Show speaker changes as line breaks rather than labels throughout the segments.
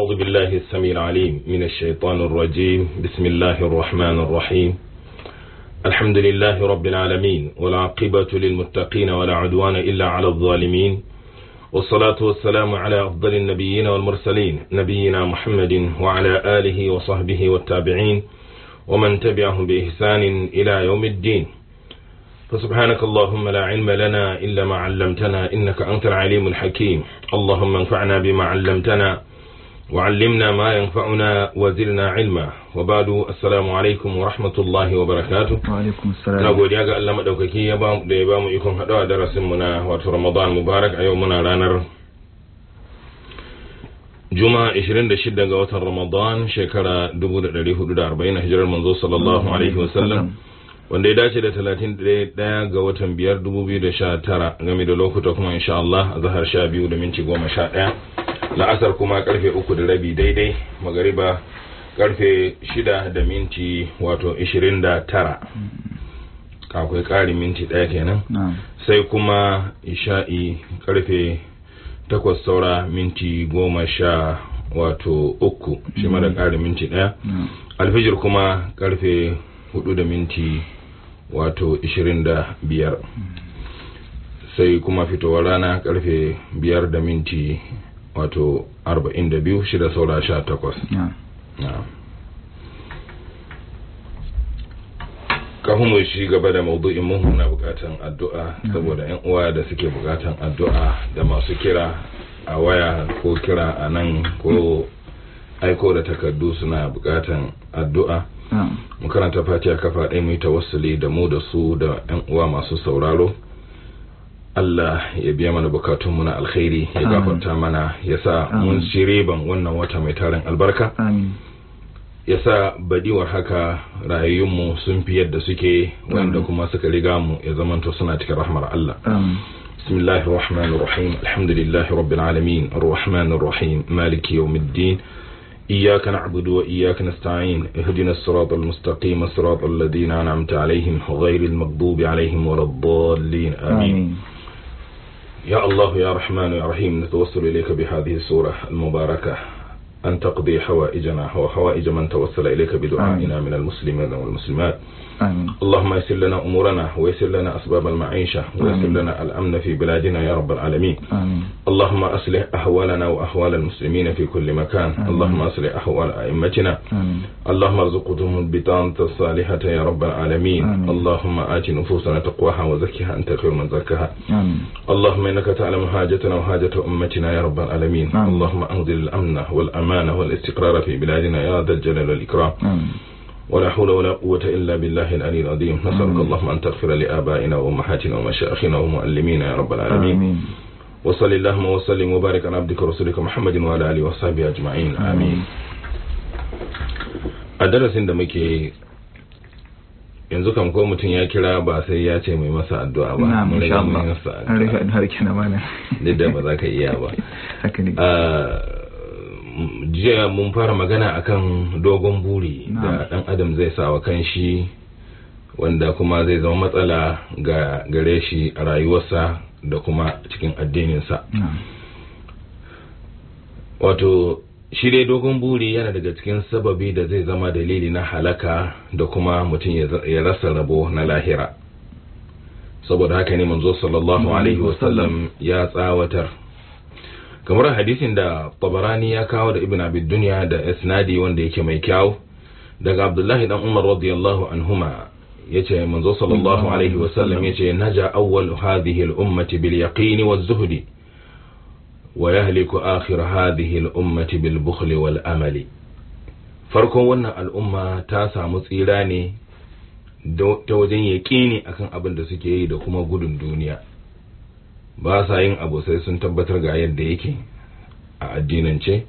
أعوذ بالله السميع العليم من الشيطان الرجيم بسم الله الرحمن الرحيم الحمد لله رب العالمين والعاقبة للمتقين ولا عدوان إلا على الظالمين والصلاة والسلام على أفضل النبيين والمرسلين نبينا محمد وعلى آله وصحبه والتابعين ومن تبعهم بإحسان إلى يوم الدين فسبحانك اللهم لا علم لنا إلا ما علمتنا إنك أنت العليم الحكيم اللهم انفعنا بما علمتنا وعلمنا ما ينفعنا وزلنا علما وبعد السلام عليكم ورحمة الله وبركاته
وعليكم السلام نقول
يا الله مدوككي يا بام دي بام يكون هذا درس منا وقت رمضان مبارك أيومنا رانر جمعة 26 ga watan Ramadan shekara 1440 hijirar manzo sallallahu alaihi wasallam wanda ya dace da 31 ga watan 5 2019 game da lokuta kuma insha Allah a zahar 12 da minti 11 la'asar kuma karfe uku da rabi daidai magariba karfe shida da minti wato ishirin da tara akwai ƙari minti ɗaya kenan sai kuma isha'i karfe takwas saura minti goma sha wato uku shi da mm. ƙari minti ɗaya alfijir kuma karfe hudu da minti wato ishirin da biyar mm. sai kuma fitowar rana karfe biyar da minti wato 42 shida saura 18 kafin mu shi gaba da maudu'in mun na bukatan addu'a saboda yan uwa da suke bukatan addu'a da masu kira a waya ko kira a nan ko aiko da takardu suna bukatan addu'a mu karanta fatiha kafa ɗaya mai yi tawassuli da mu da su da yan uwa masu sauraro Allah ya biya mana bukatun muna alkhairi ya gafarta mana ya sa mun ci ban wannan wata mai tarin albarka ya sa badiwar haka rayuwunmu sun fi yadda suke wanda kuma suka riga mu ya zamanto suna cikin rahmar Allah بسم الله الرحمن الرحيم الحمد لله رب العالمين الرحمن الرحيم مالك يوم الدين إياك نعبد وإياك نستعين اهدنا الصراط المستقيم صراط الذين أنعمت عليهم غير المغضوب عليهم ولا الضالين آمين, آمين. يا الله يا رحمن يا رحيم نتوسل إليك بهذه السورة المباركة أن تقضي حوائجنا وحوائج من توصل إليك بدعائنا من المسلمين والمسلمات آمين. اللهم يسر لنا أمورنا ويسر لنا أسباب المعيشة ويسر لنا الأمن في بلادنا يا رب العالمين آمين. اللهم أصلح أحوالنا وأحوال المسلمين في كل مكان آمين. اللهم أصلح أحوال أئمتنا آمين. اللهم ارزقهم البطانة الصالحة يا رب العالمين آمين. اللهم آت نفوسنا تقواها وزكها أنت خير من زكاها آمين. اللهم إنك تعلم حاجتنا وحاجة أمتنا يا رب العالمين آمين. اللهم أنزل الأمن والأمن الأمان والاستقرار في بلادنا يا ذا الجلال والإكرام ولا حول ولا قوة إلا بالله العلي العظيم نسألك اللهم أن تغفر لآبائنا وأمهاتنا ومشايخنا ومعلمينا يا رب العالمين آمين. وصل اللهم وسلم وبارك على عبدك ورسولك محمد وعلى آله وصحبه أجمعين آمين a darasin da muke yanzu kam ko mutum ya kira ba sai ya ce mai masa addu'a ba na mun sha Allah an rufe addu'ar kenan malam da ba za ka iya ba haka ne jiya mun fara magana akan dogon buri da dan adam zai sawa kanshi wanda kuma zai zama matsala ga gare shi a rayuwarsa da kuma cikin addininsa wato shi dai dogon buri yana daga cikin sababi da zai zama dalili na halaka da kuma mutum ya rasa rabo na lahira saboda haka ne manzo sallallahu alaihi wasallam ya tsawatar kamar hadisin da tabarani ya kawo da ibn abid dunya da isnadi wanda yake mai kyau daga abdullahi dan umar radiyallahu anhuma yace manzo sallallahu alaihi sallam yace naja awwal hadhihi al-ummati bil yaqini waz zuhdi wa yahliku akhir hadhihi al-ummati bil bukhli wal amali farkon wannan al'umma ta samu tsira ne ta wajen yaƙini akan abin da suke yi da kuma gudun duniya ba sa yin abu sai sun tabbatar ga yadda yake a addinance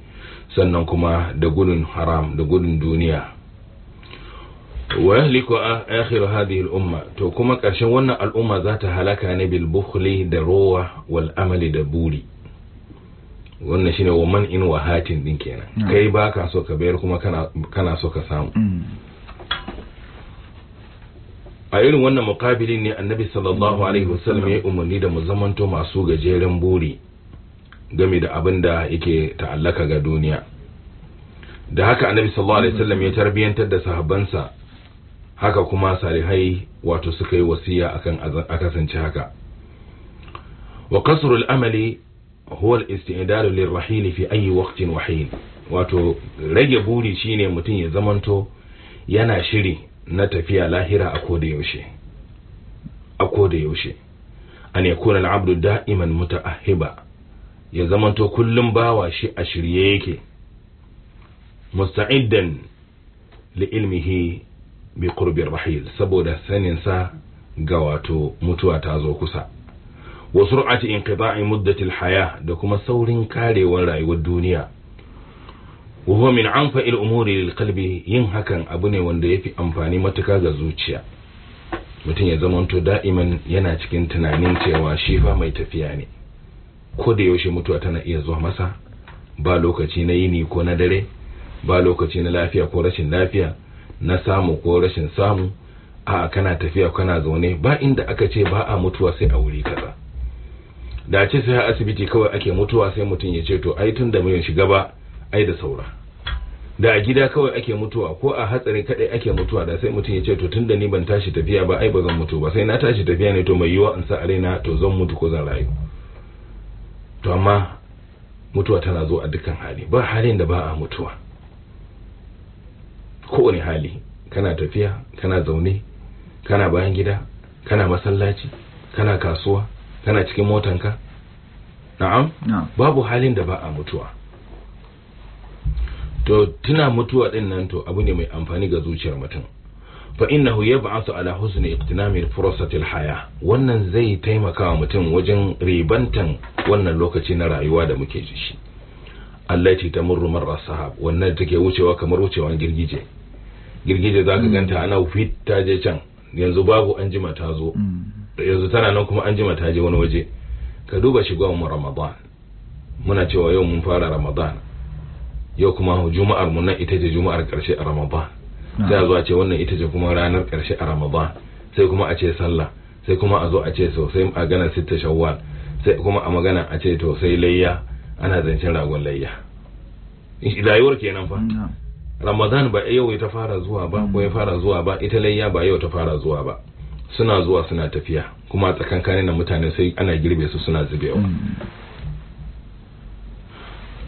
sannan kuma da gudun haram da gudun duniya wa yahliku akhir hadhihi al-umma to kuma karshen wannan al'umma za ta halaka ne bil bukhli da rowa wal amali da buri wannan shine wa man in wahatin din kenan kai baka so ka bayar kuma kana kana so ka samu mm. a irin wannan mukabilin ne annabi sallallahu alaihi wasallam ya umarni da mu zamanto masu gajeren buri game da abin da yake ta'allaka ga duniya da haka annabi sallallahu alaihi wasallam ya tarbiyantar da sahabbansa haka kuma salihai wato suka yi wasiya akan akasance haka wa kasru al-amali huwa al-istidad lirrahil fi ayi waqtin wahin wato rage buri shine mutum ya zamanto yana shiri na tafiya lahira a koda yaushe a koda yaushe an yakuna al'abdu da'iman muta'ahiba ya zamanto kullum bawa shi a shirye yake musta'iddan li ilmihi bi qurbir rahil saboda sanin sa ga wato mutuwa ta zo kusa wa sur'ati muddatil muddati haya da kuma saurin karewar rayuwar duniya wa huwa min anfa'il umuri lil qalbi yin hakan abu ne wanda yafi amfani matuka ga zuciya mutum ya zamanto da'iman yana cikin tunanin cewa shi fa mai tafiya ne ko da yaushe mutuwa tana iya zuwa masa ba lokaci na yini ko na dare ba lokaci na lafiya ko rashin lafiya na samu ko rashin samu a kana tafiya kana zaune ba inda aka ce ba a mutuwa sai a wuri kaza da ce sai a asibiti kawai ake mutuwa sai mutum ya ce to ai tun da mai shiga ba ai da saura da a gida kawai ake mutuwa ko a hatsari kadai ake mutuwa da sai mutum ya ce to tunda ni ban tashi tafiya ba ai ba zan mutu ba sai na tashi tafiya ne to mai yiwa in sa arena to zan mutu ko zan rayu to amma mutuwa tana zo a dukkan hali ba halin da ba a mutuwa kowane hali kana tafiya kana zaune kana bayan gida kana masallaci kana kasuwa kana cikin motanka na'am babu halin da ba a mutuwa to tuna mutuwa din nan to abu ne mai amfani ga zuciyar mutum fa innahu yab'athu ala husni iqtinami furasati haya. wannan zai taimaka wa mutum wajen ribantan wannan lokaci na rayuwa da muke ji shi ta murru marra sahab wannan take wucewa kamar wucewan girgije girgije zaka mm. ganta ana fit ta je can yanzu babu an ta zo
mm.
yanzu tana nan kuma anjima ta je wani waje ka duba shiga mu ramadan muna cewa yau mun fara ramadan yau kuma juma'ar mu nan ita ce juma'ar karshe a ramadan sai a zo a ce wannan ita ce kuma ranar karshe a ramadan sai kuma a ce sallah sai kuma a zo a ce sosai a gana sitta shawwal sai kuma a magana a ce to sai layya ana zancen ragon layya rayuwar kenan fa ramadan ba yau ta fara zuwa ba ko ya fara zuwa ba ita layya ba yau ta fara zuwa ba suna zuwa suna tafiya kuma a tsakankanin na mutane sai ana girbe su suna zubewa mm.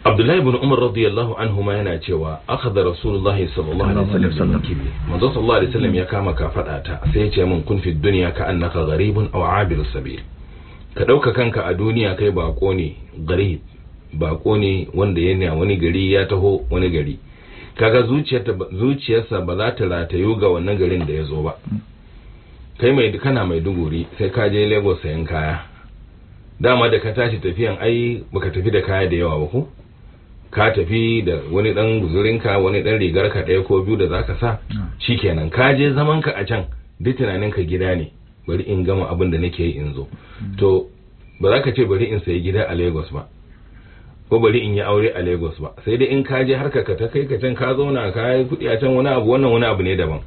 abdullahi ibn umar radiyallahu anhu ma yana cewa akhadha rasulullahi sallallahu alaihi wasallam kibi manzo sallallahu alaihi wasallam ya kama kafada ta sai ya ce min kun fi dunya ka annaka gharibun aw abir sabil ka dauka kanka a duniya kai bako ne garib bako ne wanda yana wani gari ya taho wani gari kaga zuciyarsa ba za ta ratayu ga wannan garin da ya zo ba kai mai kana mai duguri sai ka je lagos sayan kaya dama da ka tashi tafiyan ai baka tafi da kaya da yawa ba ko ka tafi da wani dan guzurinka wani dan ka ɗaya ko biyu da zaka sa shikenan ka je zaman ka a can duk tunanin ka gida ne bari in gama abin da nake yi in zo mm. to ba za ka ce bari in sayi gida a Lagos ba ko bari in yi aure a Lagos ba sai dai in ka je harka ka ta kai ka can ka zauna ka yi kuɗi a can wani abu wannan wani abu ne daban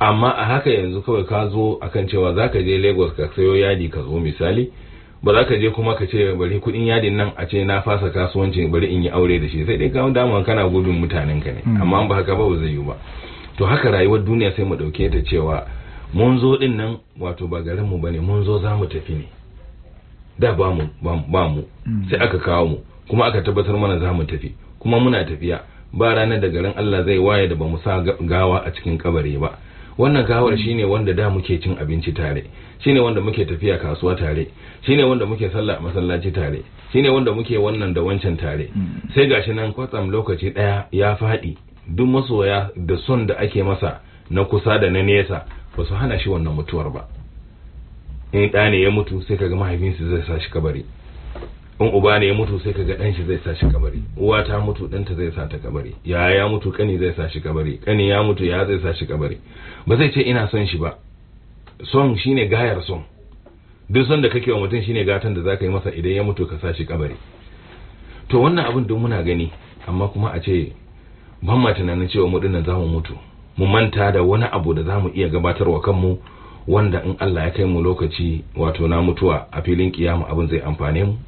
amma a haka yanzu kawai ka zo akan cewa za ka je Lagos ka sayo yadi ka zo misali ba za ka je kuma ka ce bari kuɗin yadin nan a ce na fasa kasuwanci bari in yi aure da shi sai dai kawo dama kana gudun mutanen ka ne hmm. amma ba haka ba ba zai yi ba to haka rayuwar duniya sai mu dauke ta cewa mun zo din nan wato ba garin mu bane mun zo za mu tafi ne da ba mu ba mu hmm. sai aka kawo mu kuma aka tabbatar mana za mu tafi kuma muna tafiya ba ranar da garin Allah zai waye da ba mu sa gawa a cikin kabari ba wannan kawar shine wanda da muke cin abinci tare shine wanda muke tafiya kasuwa tare shine wanda muke sallah masallaci tare shine wanda muke wannan da wancan tare hmm. sai gashi nan kwatsam lokaci daya ya faɗi duk masoya da son da ake masa na kusa da na nesa ba su hana shi wannan mutuwar ba in ɗa ne ya mutu sai kaga mahaifinsa zai sa shi kabari in uba ne ya mutu sai kaga dan shi zai sa shi kabari uwa ta mutu ta zai sa ta kabari ya ya mutu kani zai sa shi kabari kani ya mutu ya zai sa shi kabari ba zai ce ina son shi ba son shine gayar son duk son da kake wa mutum shine gatan da zaka yi masa idan ya mutu ka sa shi kabari to wannan abin duk muna gani amma kuma a ce ban ma tunanin cewa mu dinnan zamu mutu mu manta da wani abu da zamu iya gabatarwa kanmu wanda in Allah ya kai mu lokaci wato na mutuwa a filin kiyama abin zai amfane mu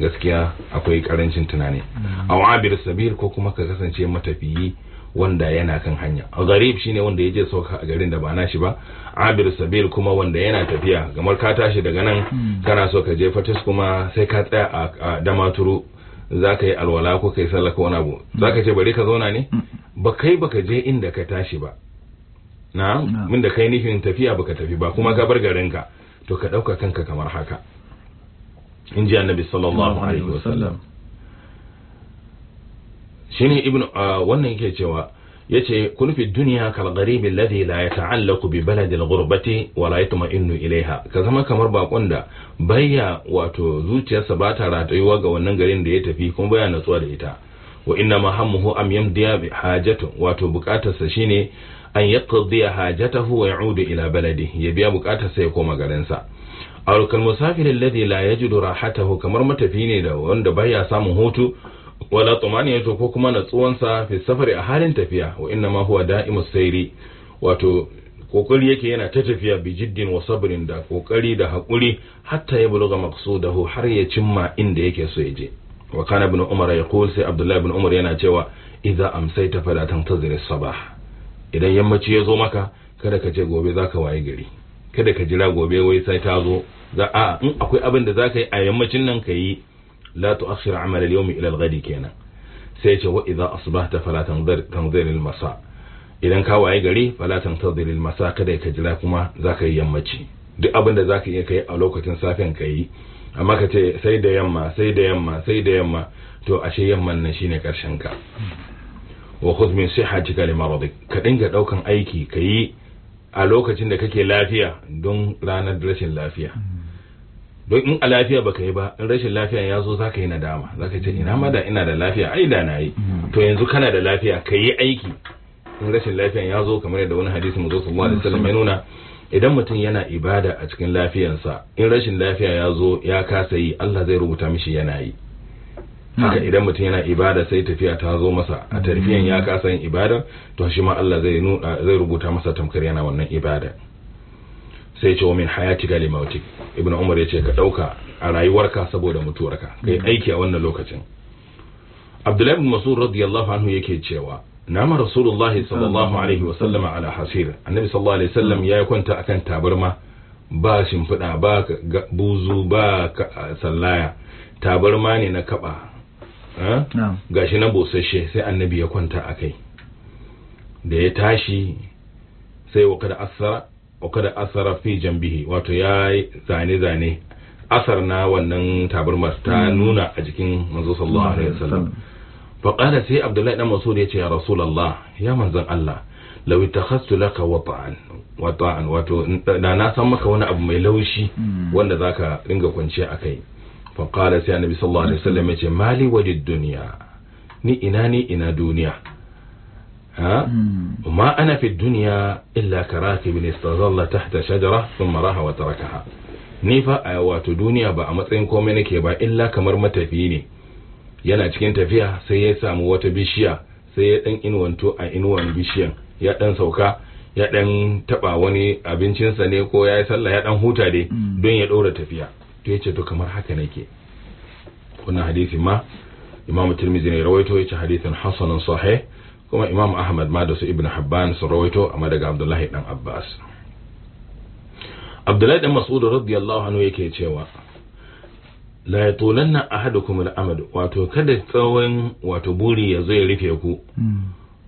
gaskiya akwai karancin tunani a abir sabir ko kuma ka kasance matafiyi wanda yana kan hanya a garib shine wanda ya je sauka a garin da ba nashi ba abir sabir kuma wanda yana tafiya kamar ka tashi daga nan hmm. kana so ka je fatis kuma sai ka tsaya a damaturu za ka yi alwala ko kai sallah ko wani abu za ka ce bari ka zauna ne hmm. ba kai baka je inda ka tashi ba na min da kai nufin tafiya baka tafi ba kuma ka bar garinka to ka ɗauka kanka kamar haka in ji annabi sallallahu alaihi wasallam shine ibnu wannan yake cewa yace kun fi duniya kal gharib alladhi la yata'allaqu bi baladi al ghurbati wa la yatma'innu ilaiha ka zama kamar bakon da bayya wato zuciyarsa ba ta ratayuwa ga wannan garin da ya tafi kuma baya natsuwa da ita wa inna ma hammuhu am yamdiya bi hajatu wato bukatarsa shine an yaqdiya hajatahu wa ya'udu ila baladi ya biya bukatarsa ya koma garinsa aw musafirin musafir alladhi la yajidu rahatahu kamar matafi ne da wanda baya samun hutu wala to ko kuma sa fi safari a halin tafiya wa inna ma huwa da'imu, sayri wato kokari yake yana ta tafiya bi jiddin wa sabrin da kokari da hakuri hatta ya buluga maqsudahu har ya cimma inda yake so ya je wa kana ibn umar yaqul sai Abdullahi ibn umar yana cewa idza amsayta fala tantazir as-sabah idan yammaci ya zo maka kada ka ce gobe zaka waye gari kada ka jira gobe wai sai ta zo za a in akwai abin da zaka yi a yammacin nan ka yi la tu'akhir amal al-yawm ila al-ghadi kenan sai ce wa idza asbahta fala tanzir tanzir al-masa idan ka waye gari fala tanzir al-masa kada ka jira kuma zaka yi yammaci duk abin da zaka iya kai a lokacin safen ka yi amma ka ce sai da yamma sai da yamma sai da yamma to ashe yamman nan shine karshen ka wa khudh min sihhatika li ka dinga daukan aiki ka a lokacin da kake lafiya don ranar rashin lafiya don in a lafiya baka yi ba in rashin lafiya ya zo za ka yi nadama ka ce ina ma da ina da lafiya ai da na yi to yanzu kana da lafiya ka yi aiki in rashin lafiya ya zo kamar yadda wani hadisi mu zo sallallahu alaihi wasallam ya nuna idan mutum yana ibada a cikin lafiyansa in rashin lafiya ya zo ya kasa yi Allah zai rubuta mishi yana yi haka idan mutum yana ibada sai tafiya ta zo masa a tarfiyan ya mm. kasa yin ibada to shi ma Allah zai zai rubuta masa tamkar yana wannan ibada sai ce wa min hayatika li mautik ibnu umar yace ka dauka a rayuwarka saboda mutuwarka kai mm. aiki a wannan lokacin abdullahi bin mas'ud radiyallahu anhu yake cewa nama rasulullahi sallallahu alaihi wa sallama ala hasir annabi sallallahu alaihi wasallam mm. ya kwanta akan tabarma ba shimfiɗa ba buzu ba sallaya tabarma ne na kaba gashi na bosashe sai annabi ya kwanta a kai da ya tashi sai wa kada asara wa kada asara fi jambihi wato ya zane zane asar na wannan tabarmar ta mm. nuna a jikin manzo sallallahu alaihi wasallam fa sai abdullahi dan mas'ud ya ce ya rasulullah ya manzon Allah law ittakhadtu laka wata'an wata'an wato da na san maka wani abu mai laushi mm. wanda zaka dinga kwanciya kai. faƙala sai annabi sallallahu alaihi wasallam ya ce mali wadid duniya ni ina ni ina duniya ha
hmm.
ma ana fi duniya illa karakibin istazalla tahta shajara thumma raha wa tarakaha ni fa a wato duniya ba a matsayin komai nake ba illa kamar matafiyi ne yana cikin tafiya sai ya samu wata bishiya sai ya dan inuwanto a inwan bishiyan ya dan sauka ya dan taba wani abincinsa ne ko ya yi sallah ya dan huta dai hmm. don ya ɗora tafiya to yace to kamar haka nake wannan hadisi ma imam tirmidhi ne rawaito yace hadisin hasanan sahih kuma imam ahmad ma da su ibn habban su rawaito amma daga abdullahi dan abbas abdullahi dan mas'ud radiyallahu anhu yake cewa la yatulanna ahadukum al-amad wato kada tsawon wato buri ya zo rufe ku hmm.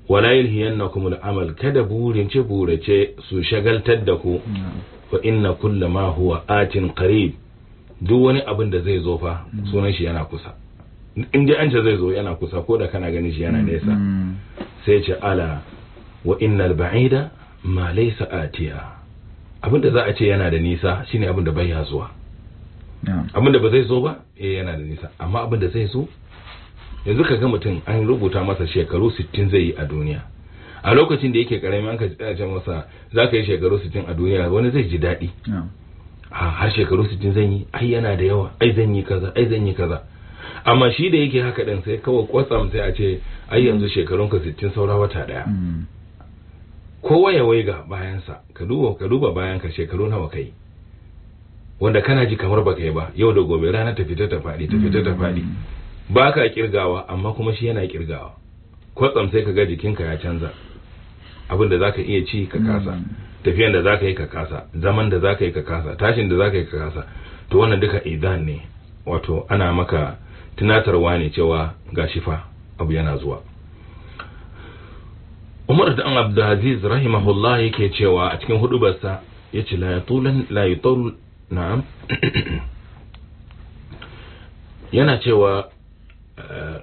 wala yalhiyannakum al-amal kada burin ce burace su shagaltar da ku hmm. fa inna kullama huwa atin qarib duk wani abin da zai zo fa mm. sunan shi yana kusa in dai an ce zai zo yana kusa ko da kana ganin shi yana mm. nesa mm. sai ce ala wa innal ba'ida ma laysa atiya abin da za a ce yana da nisa shine abin da bai ya zuwa abin da ba zai zo ba eh yana da nisa amma abin da zai zo yanzu ka ga mutum an rubuta masa shekaru 60 zai yi a duniya a lokacin da yake karami an ka ce masa za ka yi shekaru 60 a duniya wani zai ji daɗi har shekaru sittin zan yi ai yana da yawa ai zan yi kaza ai zan yi kaza amma shi da yake haka din sai kawai kwatsam sai a ce ai yanzu shekarun ka 60 saura wata daya mm. ko ya waiga bayansa ka duba ka duba bayan ka shekaru nawa kai wanda kana ji kamar baka yi ba yau da gobe rana ta fita ta fadi. ta fita ta mm. faɗi ba kirgawa amma kuma shi yana kirgawa kwatsam sai ka ga jikinka ya canza abinda zaka iya ci ka kasa mm. tafiyan da zaka yi ka kasa zaman da zaka yi ka kasa tashin da zaka yi ka kasa to wannan duka idan ne wato ana maka tunatarwa ne cewa gashi fa abu yana zuwa Umar da Abdulaziz rahimahullah yake cewa a cikin hudubarsa yace la yatulan la yatul na'am yana cewa eh,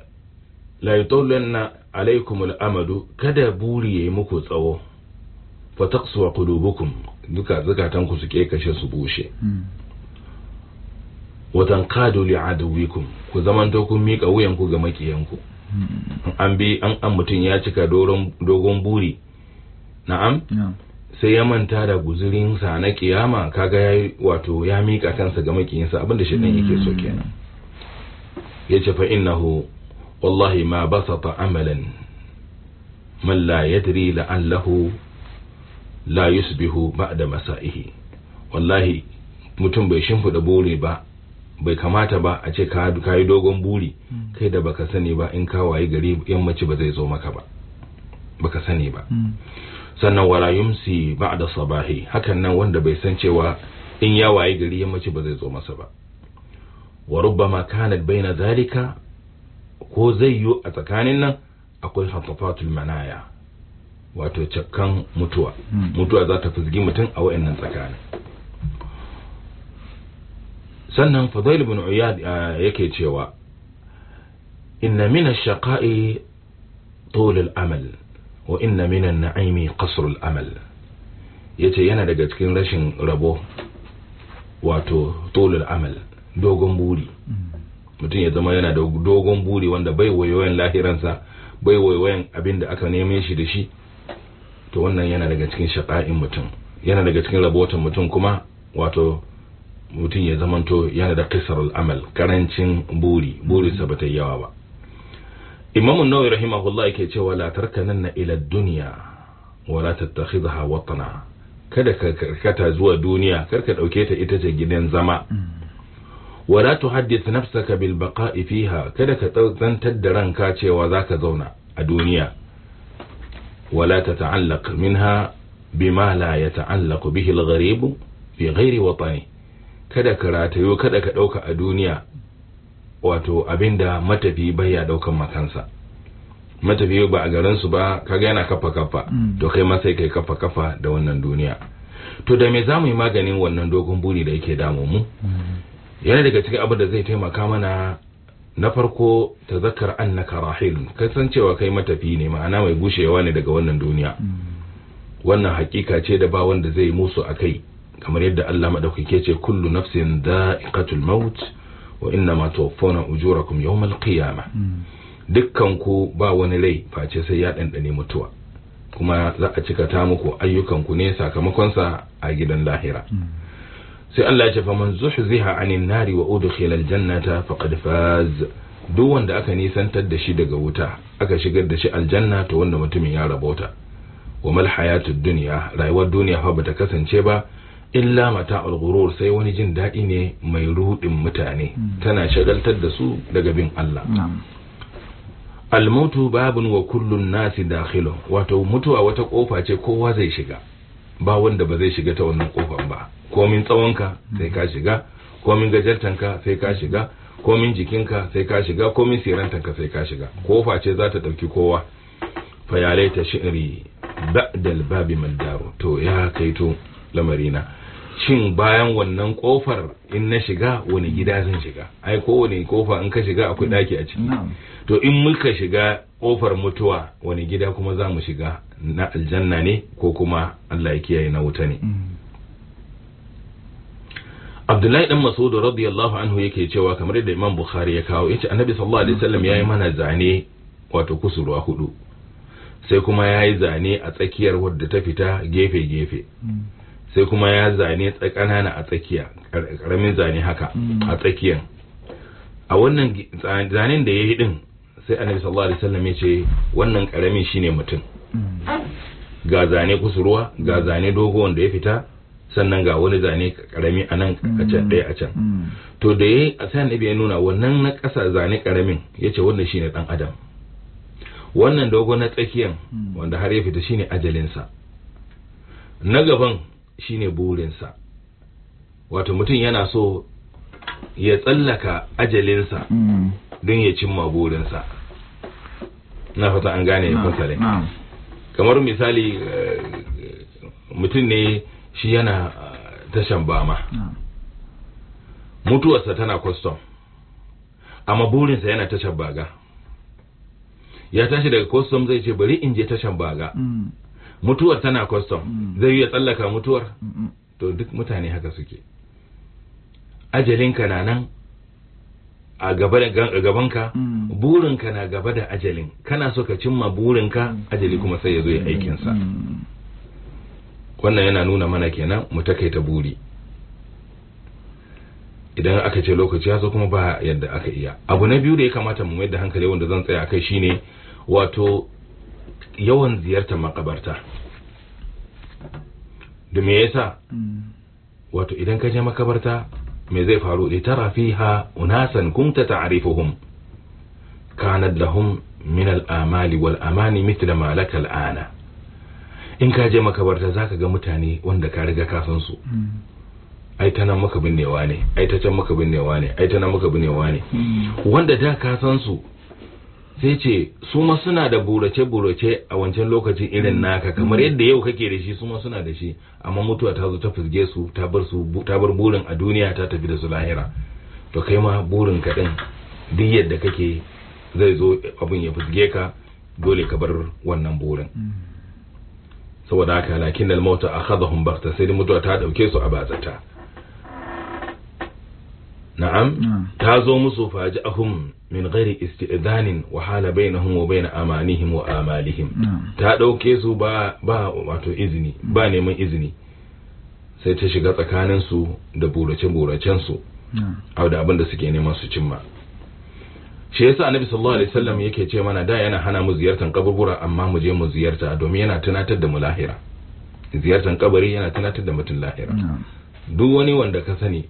la yatulanna alaikum al'amadu kada buri yayi muku tsawo fa taqsuwa qulubukum duka zakatan ku su kashe su bushe hmm. wa tanqadu li aduwikum ku to kun mika wuyanku ga makiyanku
hmm.
an bi an an mutun ya cika dogon buri na'am sai ya manta da guzurinsa na kiyama kaga ya wato ya mika kansa ga makiyinsa abinda dan yake so hmm. kenan ce fa innahu wallahi ma basata amalan man la yadri la'allahu la yusbihu ba'da masa'ihi wallahi mutum bai shimfida buri ba bai kamata ba a ce ka yi dogon buri hmm. kai da baka sani ba in ka waye gari yammaci ba zai zo maka ba baka sani ba hmm. sannan wala yumsi ba'da sabahi hakan nan wanda bai san cewa in ya waye gari yammaci ba zai zo masa ba wa rubbama kanat baina zalika ko zai yi a tsakanin nan akwai hatafatul manaya wato cakkan mutuwa hmm. mutuwa za ta fizgi mutum a wayannan tsakani sannan fadail bin uyad yake cewa inna min ash-shaqa'i طول الأمل mina من النعيم amal. ya yace yana daga cikin rashin rabo wato tolul amal dogon buri hmm. mutum ya zama yana da dogon buri wanda bai wayoyin lahiransa bai wayoyin abinda aka neme shi da shi to wannan yana daga cikin shaƙa'in mutum yana daga cikin rabotan mutum kuma wato mutum ya zamanto yana da kisarul amal karancin buri burinsa ba ta yi yawa ba imamun nawawi rahimahullah yake cewa nan na ila duniya wa la tattakhidha watana kada ka karkata zuwa duniya karka dauke ta ita ce gidan zama wa la tuhaddith nafsaka bil baqa'i fiha kada ka zantar da ranka cewa zaka zauna a duniya ولا تتعلق منها بما لا يتعلق به الغريب fi ghairi watani kada ka ratayo kada ka ɗauka a duniya wato abinda matafi baya ɗaukan makansa matafi ba a garin su ba kaga yana kafa kafa to kai ma sai kai kafa kafa da wannan duniya to da me zamu yi maganin wannan dogon buri da yake damu mu yana daga cikin abin da zai taimaka mana na farko ta zakar annaka rahilun kasancewa kai matafi ne ma'ana mai gushewa ne daga wannan duniya wannan hakika ce da ba wanda zai musu a kai kamar yadda Allah madaukake ce kullu nafsin da'iqatul maut wa inna ma tuwaffawna ujurakum yawmal qiyamah dukkan ku ba wani rai face sai ya dandane mutuwa kuma za a cika ta muku ayyukanku ne sakamakonsa a gidan lahira sai Allah ya ce fa man zuhziha anin nari wa udkhila aljannata faqad faz duk wanda aka nisantar da shi daga wuta aka shigar da shi aljanna to wanda mutumin ya ta wa mal hayatud dunya rayuwar duniya fa bata kasance ba illa mata al-ghurur sai wani jin daɗi ne mai rudin mutane hmm. tana shagaltar da su daga bin Allah al-mautu babun wa kullun nasi dakhilu wato mutuwa wata kofa ce kowa zai shiga ba wanda ba zai shiga ta wannan kofan ba komin tsawonka sai ka shiga komin gajartanka sai ka shiga komin jikinka sai ka shiga komin sirantanka sai ka shiga kofa ce za ta ɗauki kowa fayalai ta shi'iri ba'dal babi mandaro to ya kaito lamarina shin bayan wannan kofar in na shiga wani gida zan shiga ai kowane kofa in ka shiga akwai daki a ciki to in muka shiga kofar mutuwa wani gida kuma za mu shiga na aljanna ne ko kuma Allah ya kiyaye na wuta ne mm. Abdullahi dan Mas'ud radiyallahu anhu yake cewa kamar yadda Imam Bukhari ya kawo yace Annabi sallallahu alaihi wasallam yayi mana zane wato kusurwa hudu sai kuma yayi zane a tsakiyar wadda ta fita gefe gefe mm. sai kuma ya zane tsakanana a tsakiya karamin zane haka mm. a tsakiyan a wannan zanen da ya yi din sai annabi sallallahu alaihi wasallam ya ce wannan karamin shine mutum mm. ga zane kusurwa ga zane dogo wanda ya fita sannan ga wani zane karami a nan a can mm. ɗaya a can to da ya a sai annabi ya nuna wannan na ƙasa zane karamin ya ce wannan shine dan adam wannan dogo na tsakiyan wanda har ya fita shine ajalinsa na gaban shine burinsa wato mutum yana so ya tsallaka ajalinsa mm. don ya cimma burinsa na fata an gane fasalin kamar misali eh, mutum ne shi yana eh, tashan bama mutuwarsa tana kwastom amma burinsa yana tashan baga ya tashi daga kwastom zai ce bari in je tashan baga mm. mutuwar tana custom mm. zai iya tsallaka mutuwar mm, mm. to duk mutane haka suke ajalinka na nan a gabanka burinka na gaba da ajalin kana so ka cimma burinka ajali kuma sai ya zo ya aikinsa wannan yana nuna mana kenan mu takaita buri idan aka ce lokaci ya zo kuma ba yadda aka iya abu na biyu da ya kamata mu mai da hankali wanda zan tsaya kai shine wato yawan ziyartar makabarta da me yasa wato idan ka je makabarta me zai faru da tara fiha unasan kunta ta'rifuhum kanat lahum min al-amali wal amani mithla ma laka al-ana in ka je makabarta zaka ga mutane wanda ka riga ka san su ai ta nan maka binnewa ne ai ta can maka binnewa ne ai ta nan maka binnewa ne hmm. wanda da ka san su sai ce su ma suna da burace-burace a wancan lokacin irin mm. naka kamar mm. yadda yau kake da shi su ma suna da shi amma mutuwa ta zo ta fizge su ta bar burin a duniya ta tafi da su lahira to kai ma burin ka din duk yadda kake zai zo abin ya fizge ka dole ka bar wannan burin mm. saboda haka lakin al-mauta akhadhahum baghta sai mutuwa ta dauke su a bazata na'am ta zo musu faji'ahum min ghairi isti'danin wa hala bainahum wa bain amanihim wa amalihim ta dauke su ba ba wato izini ba neman izini sai ta shiga tsakanin su da burace buracen su a da abin da suke neman su cimma shi yasa annabi sallallahu alaihi wasallam yake ce mana da yana hana mu ziyartar kaburbura amma mu je mu ziyarta domin yana tunatar da mu lahira ziyartar kabari yana tunatar da mutum lahira duk wani wanda ka sani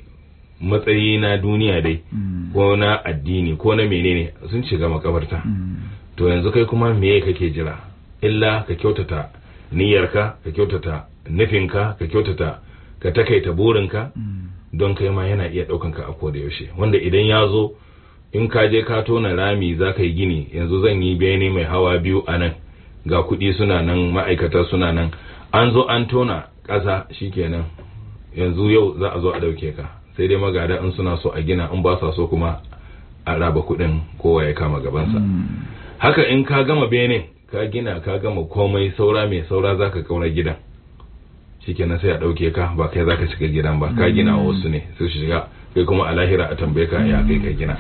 matsayi na duniya dai mm. ko na addini ko na menene sun shiga makabarta mm. to yanzu kai kuma meye kake jira illa ka kyautata niyyarka ka kyautata nufinka ka kyautata ka takaita burinka mm. don kai ma yana iya ɗaukanka a koda yaushe wanda idan ya zo in ka je ka tona rami za yi gini yanzu zan yi bene mai hawa biyu a nan ga kuɗi suna nan ma'aikata suna nan an zo an tona ƙasa shikenan yanzu yau za a zo a ɗauke ka sai dai magada in suna so a gina in ba sa so kuma a raba kuɗin kowa ya kama gabansa hmm. haka in ka gama bene ka gina ka gama komai saura mai saura zaka kaura gidan na sai a ɗauke ka ba kai zaka shiga gidan ba ka gina wasu ne sai shiga kai kuma a lahira a tambaye ka ya kai ka gina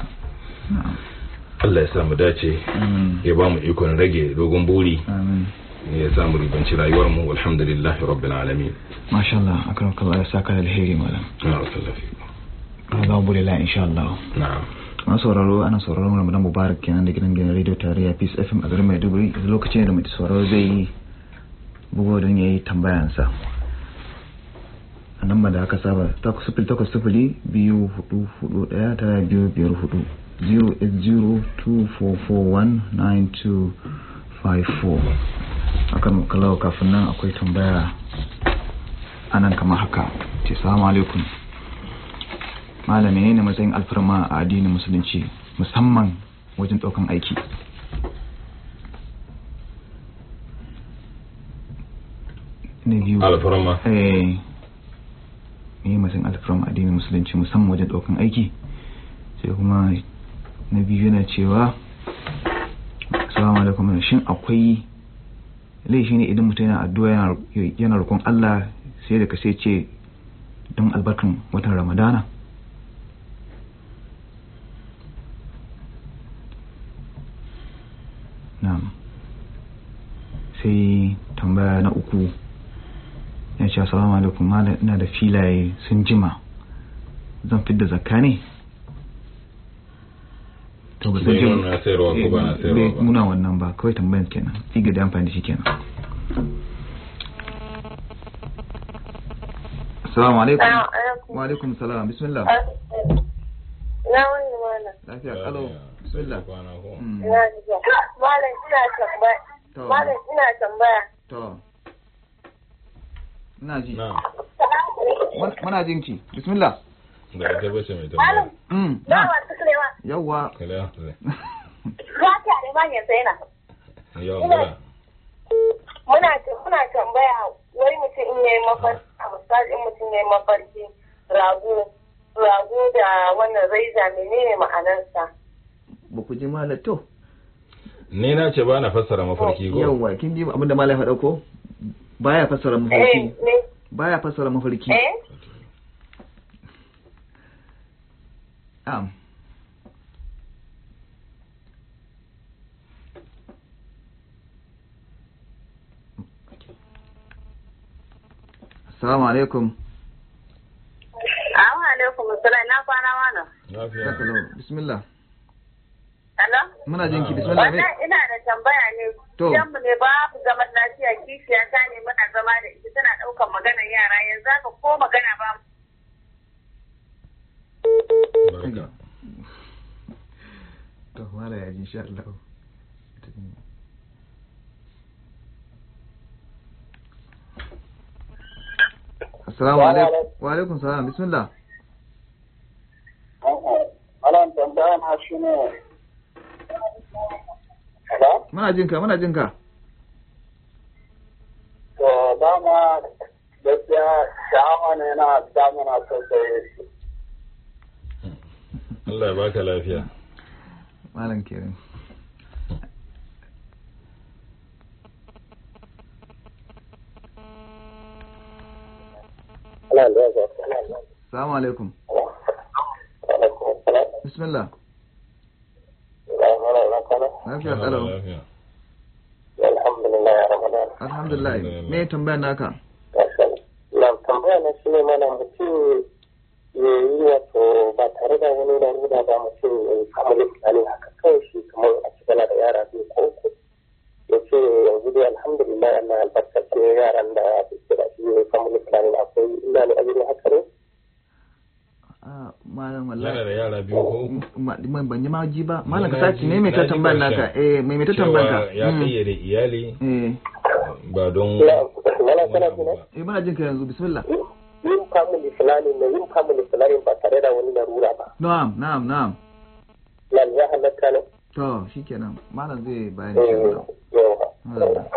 hmm. Allah ya sa mu dace hmm. ya ba mu ikon rage dogon buri ya sa mu ribanci rayuwar mu alhamdulillah rabbil alamin
masha Allah akan ya saka alheri malam alhamdulillah insha Allah na'am an sauraro ana sauraro Ramadan Mubarak kenan da gidan gidan radio tarayya Peace FM a garin Maiduguri lokacin da mai sauraro zai yi bugo don yayi tambayansa anan nan da aka saba 0800 biyu akan kalau kafin nan akwai tambaya anan kamar haka ce salamu alaikum malam menene matsayin alfarma a addinin musulunci musamman wajen ɗaukan aiki na biyu alfarma eh ne matsayin alfarma a addinin musulunci musamman wajen ɗaukan aiki sai kuma na biyu yana cewa salamu alaikum shin akwai laifi ne idan mutum yana addu'a yana roƙon Allah sai da ka sai ce don albarkan watan ramadana na'am sai tambaya na uku ya ce assalamu alaikum malam ina da filaye sun jima zan fidda zakka ne to ba san jima eh, muna wannan ba kawai tambayan kenan iga da amfani da shi kenan assalamu
alaikum wa alaikum salam bismillah
na wani malam
lafiya kalau bismillah na
Malam ina tambaya. Malam ina tambaya.
To. Ina ji. Muna jin ki. Bismillah. Da ita bace mai tambaya. Mm, na. Yawwa. Kalewa. Ka yanzu yana. Yawwa.
Muna muna tambaya wai mutum in yayi mafarki, misali in mutum yayi mafarki rago rago da wannan raiza menene ma'anarsa?
Ba ku ji malato. ne na ce ba na fassara mafarki ko yawa kin
ji abinda malai faɗa ko baya fassara mafarki eh, baya fassara mafarki eh? am Assalamu alaikum.
Assalamu alaikum, na kwana wana.
Lafiya. Bismillah.
Muna jin ki bismillah. Wannan ina da tambaya ne. To. Yanmu ne ba ku zaman lafiya kishiya ta ne muna zama da ita tana ɗaukar maganar yara yanzu haka ko magana ba.
To mala ya ji insha Allah.
Assalamu alaikum.
Wa alaikum salam. Bismillah.
Ana tambaya na shi ne
Muna jin ka, muna jin ka.
To dama gaskiya sha'awa ne na samuna sosai.
Allah ya baka lafiya. Malam Kerim. Salamu alaikum. Bismillah.
lafiya kalau alhamdulillah ya ramadan
alhamdulillah me tambaya naka
na tambaya na shi mana mutum ya yi wato ba tare da wani da nuna ba mutum ya yi family planning haka kawai shi kamar a cikin da yara biyu ko uku ya ce yanzu dai alhamdulillah na albarkacin yaran da suke da shi ya yi akwai ina ne haka
ne Ah, malam wallahi da yara biyu ko ban yi ji ba malam ka saki ne mai ta tambayar naka eh mai mai ta tambayar ka ya hmm. kayyade iyali eh ba don eh muna jin ka yanzu bismillah yin family
planning ne yin family planning ba tare da wani larura ba
na'am na'am na'am
lan ya ne
to shikenan malam zai bayani shi
eh,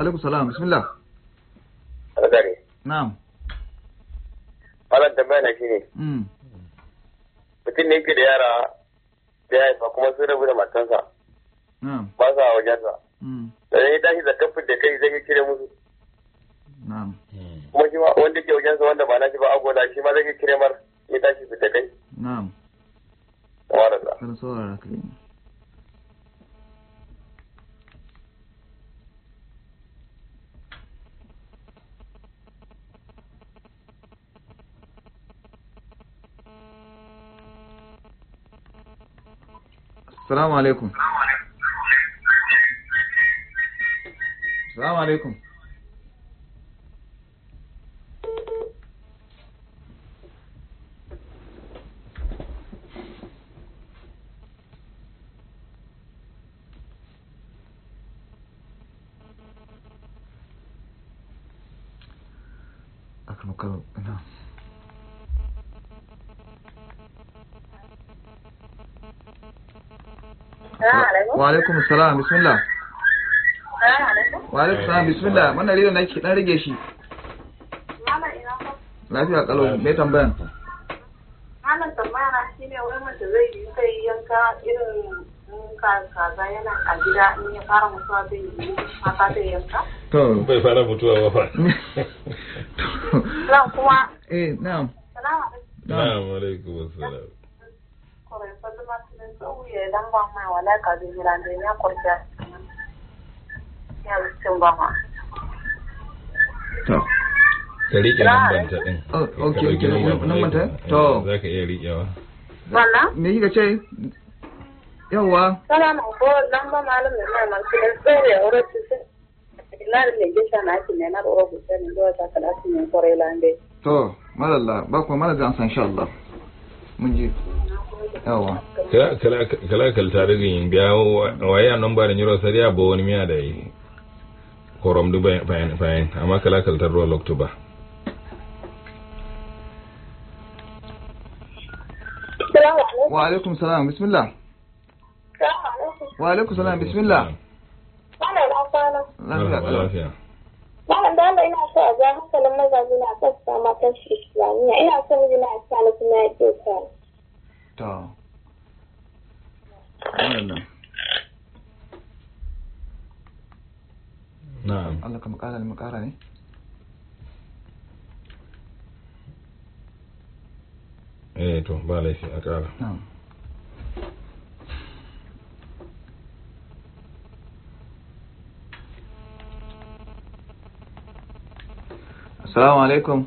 wa alaikum salam bismillah alƙari na'am malam na shine hmm. mutum ne yake da yara da ya haifa kuma sun rabu da matansa ba sa wajensa hmm. da ya tashi da kafin da kai zai kire musu kuma shi wanda ke wajensa wanda ba na shi ba agoda shi ma zai kire mar ya tashi fita kai
na'am saurara kai
salamu alaikum salamu alaikum alaikum salam bismillah
wa alaikum salam bismillah
wannan rediyo na ke dan rige shi lafiya kalau me tambayan
malam tambaya na shine wai mace zai yi sai yanka irin ka yana a gida in ya fara mutuwa zai yi haka zai yanka
to bai fara mutuwa ba fa
kuma eh na'am alaikum
na'am alaikum assalam
dan ban ma wala ka bi mira ndo nya ko ta ya sun ba ma
to ka rike lambar ta din oh, okay okay lambar ta to zaka iya rikewa
wala me kika ce yawa salam ko lamba malam
ne mai man kin tsere ore ci se lar ne je sana ki ne na ro gusa ne do ta kala ki ne kore lande
to malalla ba ko malalla insha Allah mun ji
kala kalta daga yin biya a nan ba da sariya ba wani miya da yi korom du bayan bayan amma kala kalta ruwa loktuba
wa alaikum salam bismillah wa alaikum salam bismillah
ina so a na matan shi Islamiyya ina so mijina a sa na kuma ya ce
تا ولا نعم عندك مقالة المقالة دي
ايه تو بالي في أقالة نعم
السلام عليكم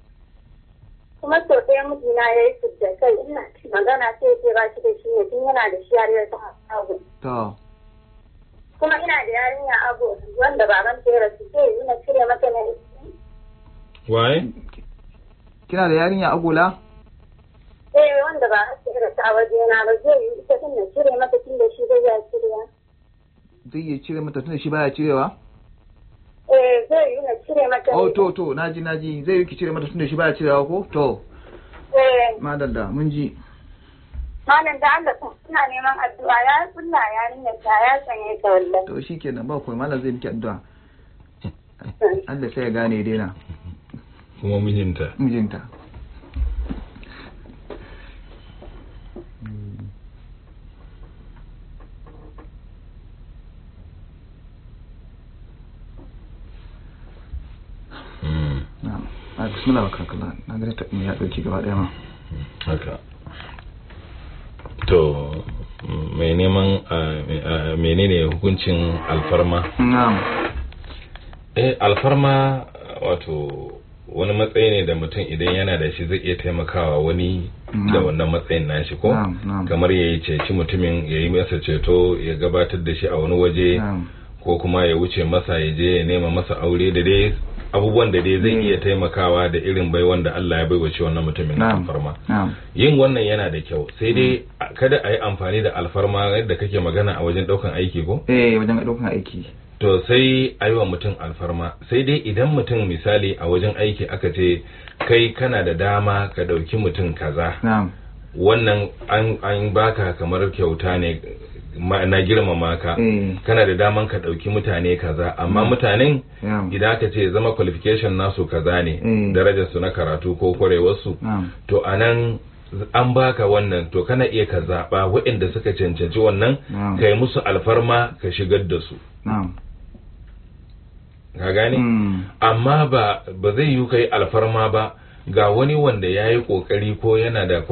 kuma sau ɗaya mijina ya yi fidda kai ina magana sai ce ba shi da shi ne tun yana da shi yarinya ta abu. Kuma ina da yarinya abu wanda baban ta yara su yi na cire mata na iski.
Waye? Kina da yarinya agula?
Eh wanda ba a cire ta waje na ba zai yi ita tun da cire mata tun da shi zai ya cire.
Zai iya cire mata tun da shi baya cirewa?
eh zai yi na cire mata oh
to to naji naji zai yi ki cire mata tunda shi ya cire ko to eh madalla mun ji
malam da Allah ku suna neman addu'a ya sunna ya nuna ta ya sanye ta wallahi
to shi kenan ba kuwa malam zai miki addu'a
Allah sai ya gane daina
kuma mijinta mijinta a bismillah na
gari ta ya ɗauki gaba daya ma
haka to mai neman hukuncin alfarma na'am eh alfarma wato wani matsayi ne da mutum idan yana da shi zai iya taimakawa wani da wannan matsayin nashi ko kamar ya yi ceci mutumin ya yi masa ceto ya gabatar da shi a wani waje ko kuma ya wuce masa ya je ya nema masa aure da dai abubuwan da dai zai mm. iya taimakawa da irin bai wanda Allah ya baiwa shi wannan mutumin na alfarma yin wannan yana da kyau sai dai mm. kada a yi amfani da alfarma yadda kake magana a wajen daukan aiki ko eh wajen daukan aiki to sai a yi wa mutum alfarma sai dai idan mutum misali a wajen aiki aka ce kai kana da dama ka dauki mutum kaza wannan an baka kamar kyauta ne na girmama ka mm. kana da daman ka ɗauki mutane kaza amma mm. mutanen idan aka ce zama qualification nasu kaza ne mm. darajar su na karatu ko kwarewarsu to anan an baka wannan to kana iya ka zaɓa waɗanda suka cancanci wannan ka yi musu alfarma ka shigar da su ka gane amma ba ba zai yi ka alfarma ba ga wani wanda ya yi kokari ko yana da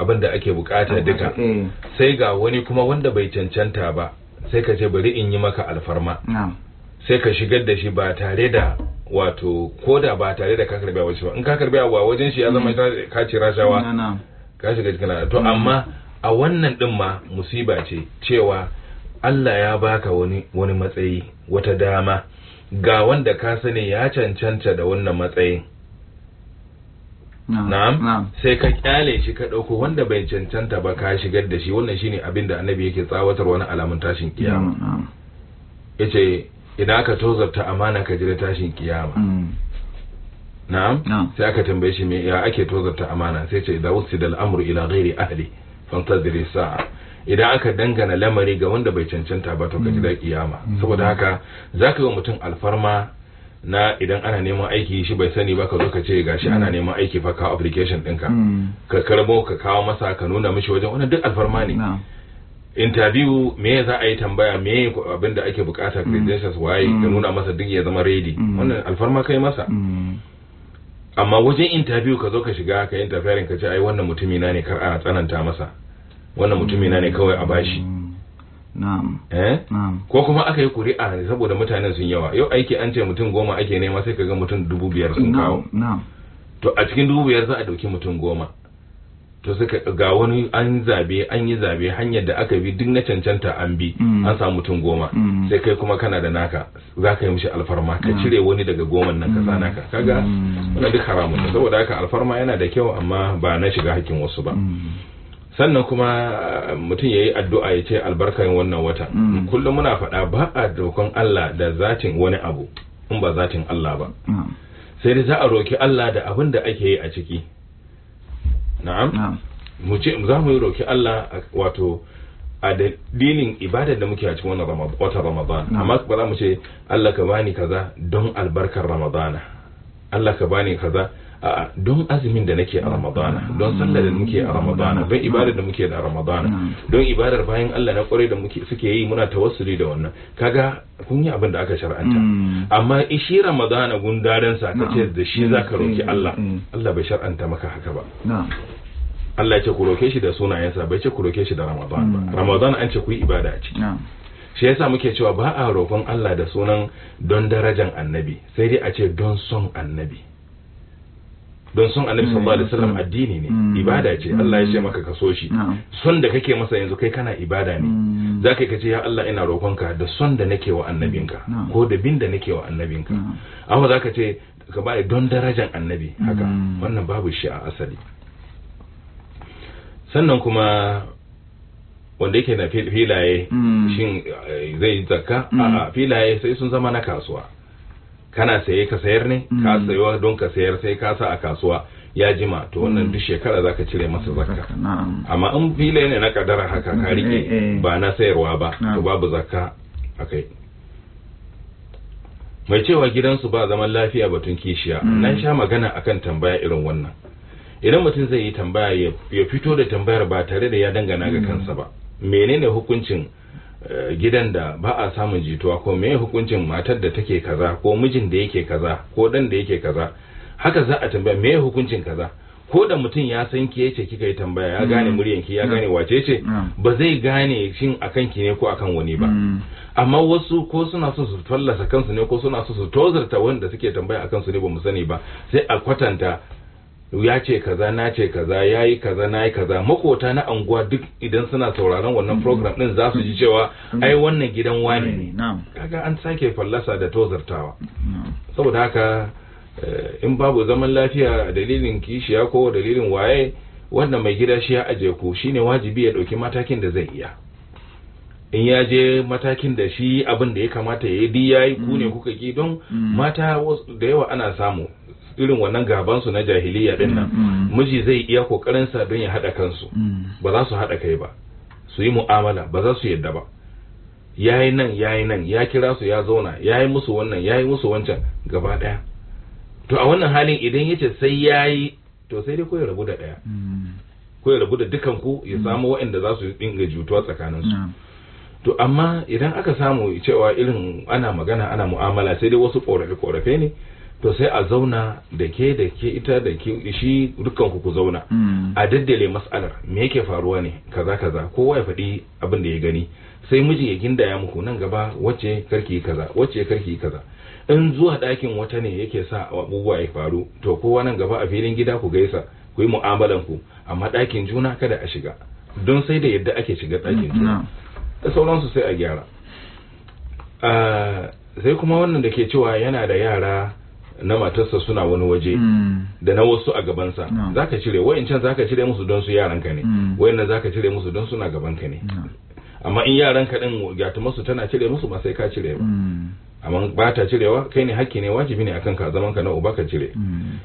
abin da ake bukata duka mm. sai ga wani kuma wanda bai cancanta ba sai ka ce bari in yi maka alfarma sai ka shigar da shi ba tare da wato ko da ba tare da ka karbi abu ba in ka karbi abu wajen shi ya zama mm. ka ci rashawa ka shiga cikin to mm. amma a wannan din ma musiba ce cewa Allah ya baka wani wani matsayi wata dama ga wanda ka sani ya cancanta da wannan matsayin na'am sai ka kyale shi ka dauko wanda bai cancanta ba ka shigar da shi wannan shine abin da annabi yake tsawatar wani alamun tashin kiyama ce idan aka tozarta amana ka jira tashin kiyama mm. na'am sai aka tambaye shi me ya ake tozarta amana sai ce idan wusida al'amru ila ghairi ahli fantaziri sa'a idan aka dangana lamari ga wanda bai cancanta ba to ka jira mm. kiyama mm. saboda haka zaka yi mutum alfarma na idan ana neman aiki shi bai sani ba ka zo ka ce shi ana hmm. neman aiki fa kawo application ɗinka hmm. ka karbo ka kawo masa ka nuna mishi wajen wannan duk alfarma ne interview me za a yi tambaya me abin da ake bukata hmm. credentials waye ka nuna masa duk ya zama ready wannan alfarma kai masa amma wajen interview ka zo ka shiga ka yi interfering ka ce ai wannan mutumi na ne kar a tsananta masa wannan mutumi na ne kawai a bashi Eh? na'am ko kuma aka yi kuri'a saboda mutanen sun yawa yau aiki an ce mutum goma ake nema sai kaga mutum dubu biyar sun kawo na'am to a cikin dubu biyar za a dauki mutum goma to suka ga wani an zabe an yi zabe hanyar da aka bi duk na cancanta an bi mm. an samu mutum goma mm. sai kai kuma kana da naka za ka yi mishi alfarma ka mm. cire wani daga goma nan ka sa naka kaga wannan duk haramun saboda haka alfarma yana da kyau amma ba na shiga hakkin wasu ba sannan kuma ah, mutum ya yi addu'a ya ce albarkar wannan wata mm. kullum muna faɗa ba a dokon Allah da zatin wani abu in ba zatin Allah ba mm. sai dai za a roki Allah da abin da ake yi a ciki na'am mu ce za mu yi roki Allah ah, wato a dalilin ibadar da muke a cikin wata Ramadan amma ba za mu ce Allah ka bani kaza don albarkar Ramadana Allah ka bani kaza don azumin da nake a ramadana don sallar da muke a ramadana don ibadar da muke da ramadana hmm. don ibadar bayan Allah na kwarai da muke suke yi muna tawassuli da wannan kaga kun yi abin da aka shar'anta hmm. amma ishi ramadana gundaren sa ka ce da shi zaka roki hmm. Allah Allah bai shar'anta maka haka ba Allah ya ce ku roke shi da sunayensa bai ce ku roke shi da Ramadana ba Ramadana an ce ku yi ibada a ciki shi yasa muke cewa ba a roƙon Allah da sunan don darajan annabi sai dai a ce don son annabi don sun annabi sallallahu hmm. alaihi wasallam addini ne hmm. ibada ce Allah ya ce hmm. maka ka so shi son da kake masa yanzu kai kana ibada ne zaka ka ce ya Allah ina roƙonka da son da nake wa annabinka ko da bin da nake wa annabinka amma zaka ce ka bai don darajan annabi haka wannan babu shi a asali sannan kuma wanda yake na filaye shin eh, zai zakka a filaye sai sun zama na kasuwa kana saye ka sayar ne ka mm. sayo don ka sayar sai ka sa a kasuwa ya jima to mm. wannan duk shekara zaka cire masa zakka amma in fili ne na kadara haka ka eh, rike eh, eh. ba na sayarwa ba to babu zakka akai mai cewa gidansu ba zaman lafiya batun kishiya mm. nan sha magana akan tambaya irin wannan idan mutum zai yi tambaya ya fito da tambayar ba tare da ya dangana ga kansa ba menene hukuncin Eh, gidan da ba a samun jituwa ko me hukuncin matar da take kaza ko mijin da yake kaza ko dan da yake kaza haka za a tambaya me hukuncin kaza ko da mutum ya san ki yace kika yi tambaya ya gane mm. muryan ki ya gane mm. wace ce mm. ba zai gane shin akan ki ne ko akan wani ba amma wasu ko suna so su fallasa kansu ne ko suna so su tozarta wanda suke tambaya akan su ne ba mu sani ba sai a kwatanta ya ce kaza na ce kaza ya yi kaza na yi kaza makota na anguwa duk idan suna sauraron wannan program din za su ji cewa ai wannan gidan wani ne kaga an sake fallasa da tozartawa saboda haka eh, in babu zaman lafiya dalilin kishiya ko dalilin waye wannan mai gida shi ya aje ku shine wajibi ya dauki matakin da zai iya in ya je matakin da shi abin da ya kamata ya yi ku ne mm. kuka ki don mm. mata da yawa ana samu irin wannan gaban su na jahiliya din nan mm, mm. miji zai iya kokarin sa don ya hada kansu mm. ba za su hada kai ba su yi mu'amala ba za su yadda ba yayi nan yayi nan ya kira su ya zauna yayi musu wannan yayi musu wancan gaba daya to a wannan halin idan yace sai yayi to sai dai ko ya rabu da daya ko ya rabu da dukan ku ya samu waɗanda za su dinga jutuwa tsakanin to amma idan aka samu cewa irin ana magana ana mu'amala sai dai wasu korafe korafe ne to sai a zauna da ke da ke ita da ke shi dukkan ku zauna mm. a daddale mas'alar me yake faruwa ne kaza kaza kowa ya faɗi abin da ya gani sai miji ya gindaya muku nan gaba wacce karki kaza wacce karki kaza in zuwa ɗakin wata ne yake sa abubuwa ya faru to kowa nan gaba a filin gida ku gaisa ku yi mu'amalan ku amma ɗakin juna kada a shiga don sai da yadda ake shiga ɗakin juna mm, mm. da sauransu sai a gyara ah, sai kuma wannan da ke cewa yana da yara na matarsa suna wani waje hmm. da na wasu a gabansa Za ka cire wayancan ka cire musu don su yaranka ne hmm. wayannan ka cire musu don suna gabanka ne amma in yaranka din gyatu musu tana cire musu ba sai ka cire ba hmm. amma ba ta cirewa kai ne hakki ne wajibi ne akan ka zaman ka na uba ka cire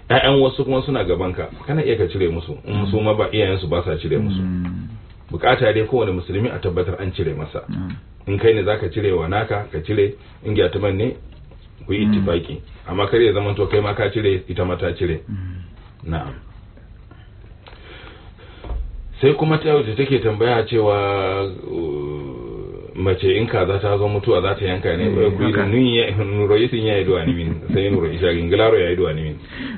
ƴaƴan wasu kuma suna gaban ka kana iya ka cire musu in su ma ba iyayen su ba sa cire musu bukata dai kowane musulmi a tabbatar an cire masa in kai ne zaka wa naka ka cire in gyatuman ne ku yi mm. ittifaki amma kar ya zama to kai ma ka cire ita ma ta cire mm. na'am sai kuma ta da take tambaya cewa uh, mace in za ta zo mutuwa za ta yanka ne mm, ku nuro nuni ya yi duwa ni min sai nuro isha gingilaro ya yi duwa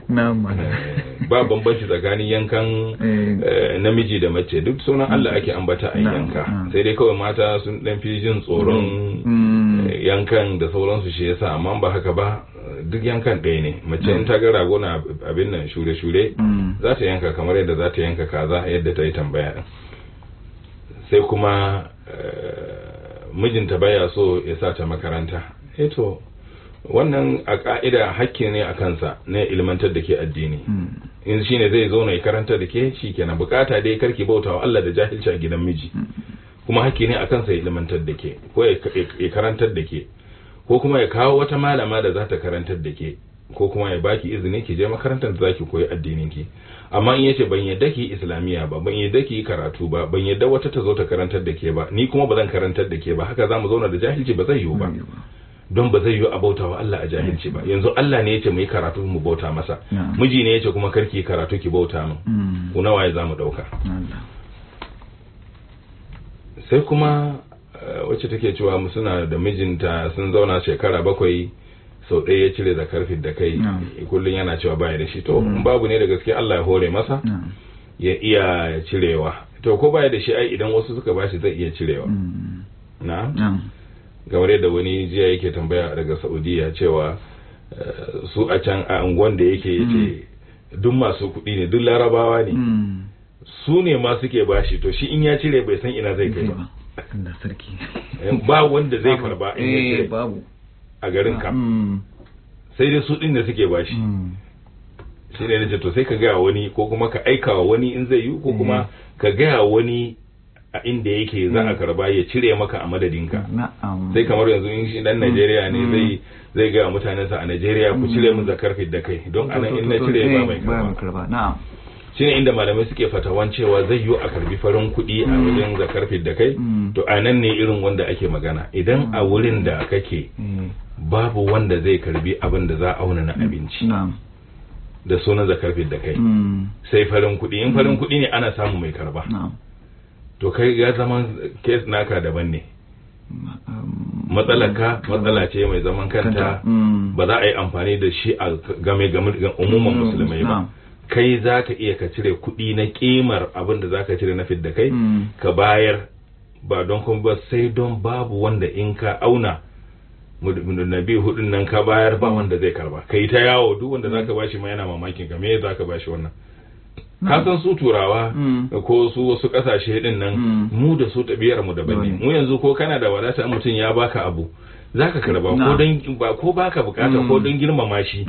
Na'am. min eh,
ba bambanci tsakanin yankan eh. Eh, namiji da mace duk sunan Allah ake ambata a yanka sai dai kawai mata sun dan fi jin tsoron yankan da sauransu shi yasa amma ba haka ba duk yankan ɗaya ne mace in ta ga rago na abin nan shure-shure mm. za ta yanka kamar yadda za ta yanka kaza yadda ta yi tambaya sai kuma eh, mijinta baya so ya sa ta makaranta eto eh wannan a ka'ida hakki ne a kansa na ilmantar da ke addini mm. in shine zai zo na karanta da ke shi kenan bukata dai karki bautawa Allah da jahilci a gidan miji mm. kuma haƙƙi ne akan sa ya limantar da ke ko ya karantar da ke ko kuma ya kawo wata malama da za ta karantar da ke ko kuma ya baki izini ki je makarantar da zaki koyi addinin ki amma in yace ban yadda ki islamiya ba ban yadda ki karatu ba ban yadda wata ta zo ta karantar da ke ba ni kuma ba zan karantar da ke ba haka zamu zauna da jahilci ba zai yiwu ba don ba zai yiwu a bauta wa Allah a jahilci ba yanzu Allah ne yace mu yi karatu mu bauta masa miji ne yace kuma karki karatu ki bauta min mm. ku nawa ya zamu dauka sai kuma eh, wacce take cewa suna da mijinta sun zauna shekara bakwai sau ɗaya ya cire zakar da kai kullum yana cewa baya da shi to babu ne da gaske Allah ya hore masa ya iya cirewa to ko baya da shi ai idan wasu suka bashi zai iya cirewa mm. na gamar da wani jiya yake tambaya daga Saudiya cewa eh, su a can a unguwan da yake yace mm. duk masu kuɗi ne duk larabawa ne mm. su ne ma suke bashi to shi in ya cire bai san ina zai kai ba eh, ba wanda zai karba in ya eh, cire babu a garin ka mm. sai dai su din da suke bashi mm. shi ne nace to sai ka gaya wani ko kuma ka aika wa wani in zai yi ko kuma eh. ka gaya wani a inda yake za a mm. karba ya cire maka a madadinka sai kamar yanzu in shi dan Najeriya ne zai zai gaya mutanensa a Najeriya ku cire min zakar da kai don anan in na cire ba mai karba shine inda malamai suke fatawan cewa zai yiwu a karbi farin kuɗi a mm. wajen zakar da kai mm. to a nan ne irin wanda ake magana idan a mm. wurin da kake babu wanda zai karbi abin da za a auna na abinci da sunan zakar da kai sai farin kuɗi in farin kuɗi ne ana samu mai karba to kai ya zama kes naka daban ne matsalaka matsala ce mai zaman kanta ba za a yi amfani da shi a game game umuman musulmai ba kai za ka iya ka cire kuɗi na kimar abin da za ka cire na fidda kai hmm. ka bayar ba don kuma ba sai don babu wanda in ka auna na biyu hudun nan ka bayar ba hmm. wanda zai karba ka yi ta yawo duk wanda za ka hmm. bashi ma yana mamakin ka me za ka bashi wannan ka san su turawa ko su wasu kasashe din nan mu da su tabiyar mu daban ne mu yanzu ko kana da wadata mutum ya baka abu zaka karba ko don ko baka bukata ko don girmama shi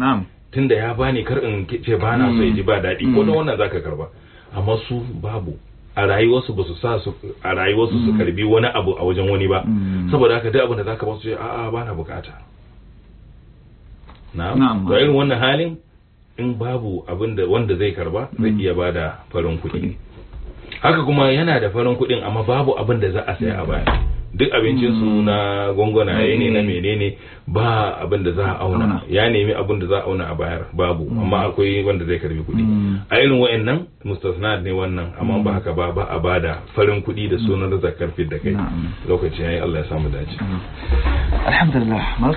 tunda ya bani kar in ce ba na so ba daɗi mm. ko na wannan zaka karba amma su babu a rayuwarsu ba su sa su a rayuwarsu su mm. karbi wani abu a wajen wani ba mm. saboda haka duk abin da zaka ba su a ba na bukata na'am ga irin wannan halin in babu abin da wanda zai karba zai iya bada farin kuɗi haka kuma yana da farin kuɗin amma babu abin da za a saya a baya duk abincin su hmm. na ya ne na menene ba abin da za a auna ya nemi abin da za a auna a bayar babu hmm. amma akwai wanda zai karbi kuɗi hmm. a irin wayannan mustasna ne wannan amma ba haka ba ba a bada farin kuɗi da sunan zakar fit da kai lokaci yi Allah ya samu dace
alhamdulillah